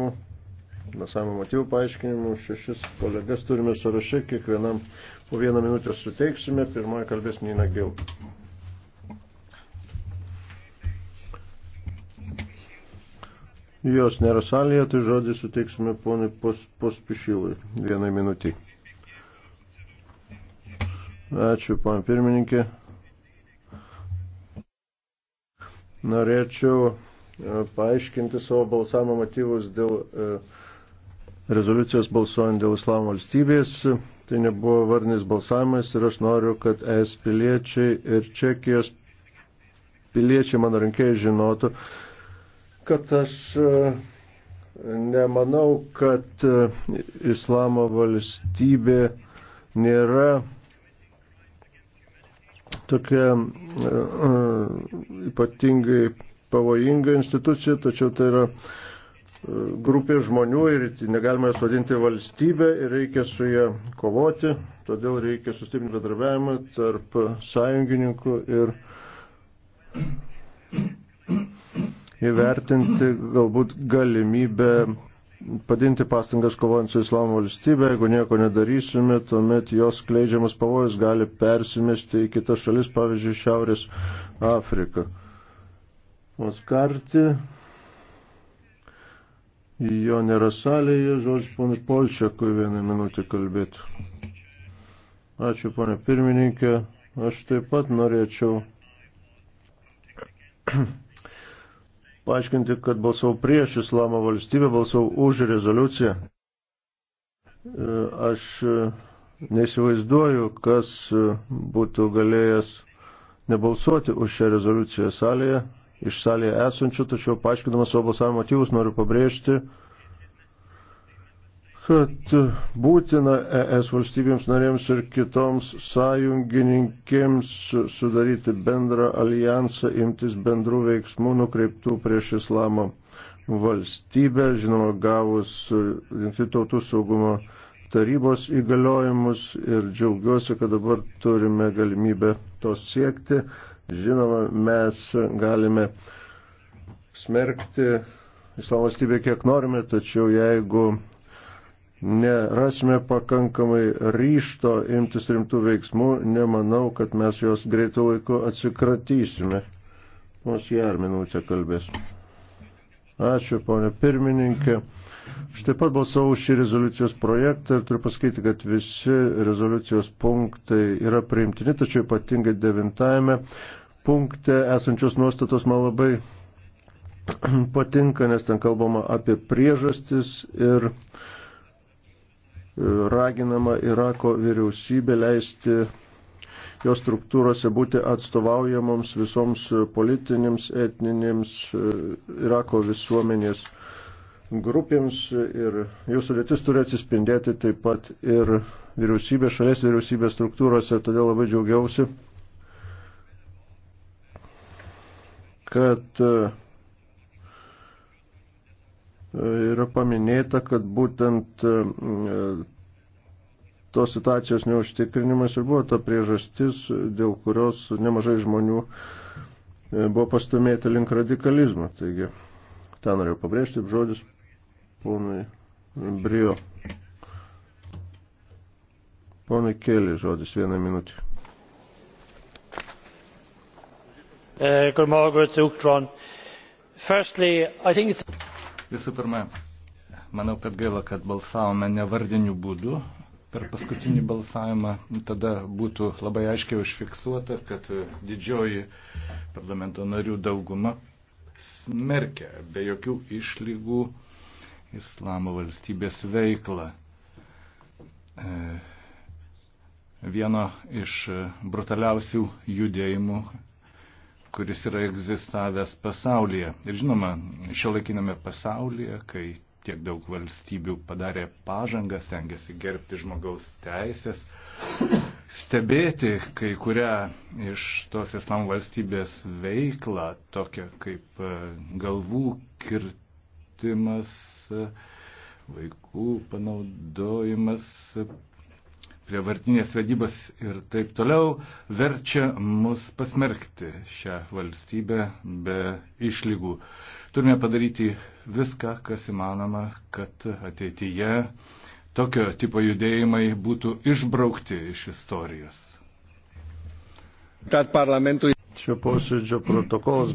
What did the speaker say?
Nu, balsavimo motyvų paaiškinimų šešis kolegas turime sąraše, kiekvienam po vieną minutę suteiksime, pirmoji kalbės Nina Gil. Jos nėra salėje, tai žodį suteiksime ponui pos, pospišilui vienai minutį. Ačiū, pan pirmininkė. Norėčiau E, paaiškinti savo balsavimo motyvus dėl e, rezoliucijos balsuojant dėl islamo valstybės. Tai nebuvo varnis balsavimas ir aš noriu, kad es piliečiai ir Čekijos piliečiai mano rinkėjai žinotų, kad aš e, nemanau, kad islamo valstybė nėra tokia ypatingai pavojinga institucija, tačiau tai yra e, grupė žmonių ir negalima jas vadinti valstybė ir reikia su ją kovoti, todėl reikia sustiprinti bedarbiavimą tarp sąjungininkų ir įvertinti galbūt galimybę padinti pastangas kovojant su Islamo valstybė, jeigu nieko nedarysime, tuomet jos kleidžiamas pavojus gali persimesti į kitas šalis, pavyzdžiui, Šiaurės Afriką. Maskarti. Jo nėra salėje, žodžiu, ponai Polčiakui vieną minutę kalbėtų. Ačiū, ponė pirmininkė. Aš taip pat norėčiau paaiškinti, kad balsavau prieš Islamo valstybę, balsavau už rezoliuciją. E, aš e, neįsivaizduoju, kas e, būtų galėjęs nebalsuoti už šią rezoliuciją salėje, iš salėje esančių, tačiau paaiškinamas savo balsavimo motyvus noriu pabrėžti, kad būtina ES valstybėms narėms ir kitoms sąjungininkėms sudaryti bendrą alijansą, imtis bendrų veiksmų nukreiptų prieš islamo valstybę, žinoma, gavus Junktinių tautų saugumo tarybos įgaliojimus ir džiaugiuosi, kad dabar turime galimybę to siekti. Žinoma, mes galime smerkti Islamo valstybę kiek norime, tačiau jeigu nerasime pakankamai ryšto imtis rimtų veiksmų, nemanau, kad mes jos greitų laiku atsikratysime. Mums ją ar minutę kalbės. Ačiū, ponė pirmininkė. Aš taip pat balsavau šį rezoliucijos projektą ir turiu pasakyti, kad visi rezoliucijos punktai yra priimtini, tačiau ypatingai devintajame punkte esančios nuostatos man labai patinka, nes ten kalbama apie priežastis ir raginama Irako vyriausybė leisti jos struktūrose būti atstovaujamoms visoms politinėms, etninėms Irako visuomenės grupėms ir jų sudėtis turi atsispindėti taip pat ir vyriausybės, šalies vyriausybės struktūrose, todėl labai džiaugiausi, kad e, yra paminėta, kad būtent e, tos situacijos neužtikrinimas ir buvo ta priežastis, dėl kurios nemažai žmonių e, buvo pastumėti link radikalizmo. Taigi, tą noriu pabrėžti, žodis ponui Brio. Ponui Kelly žodis vieną minutę. E, Visų pirma, manau, kad gaila, kad balsavome nevardiniu būdu per paskutinį balsavimą. Tada būtų labai aiškiai užfiksuota, kad didžioji parlamento narių dauguma smerkia be jokių išlygų uh, islamo valstybės veiklą. E, vieno iš brutaliausių judėjimų, kuris yra egzistavęs pasaulyje. Ir žinoma, šiuolaikiname pasaulyje, kai tiek daug valstybių padarė pažangą, stengiasi gerbti žmogaus teisės, stebėti kai kurią iš tos islamo valstybės veiklą, tokią kaip e, galvų kirtimą plitimas, vaikų panaudojimas, prievartinės vedybas ir taip toliau verčia mus pasmerkti šią valstybę be išlygų. Turime padaryti viską, kas įmanoma, kad ateityje tokio tipo judėjimai būtų išbraukti iš istorijos. Tad parlamentui šio posėdžio protokolas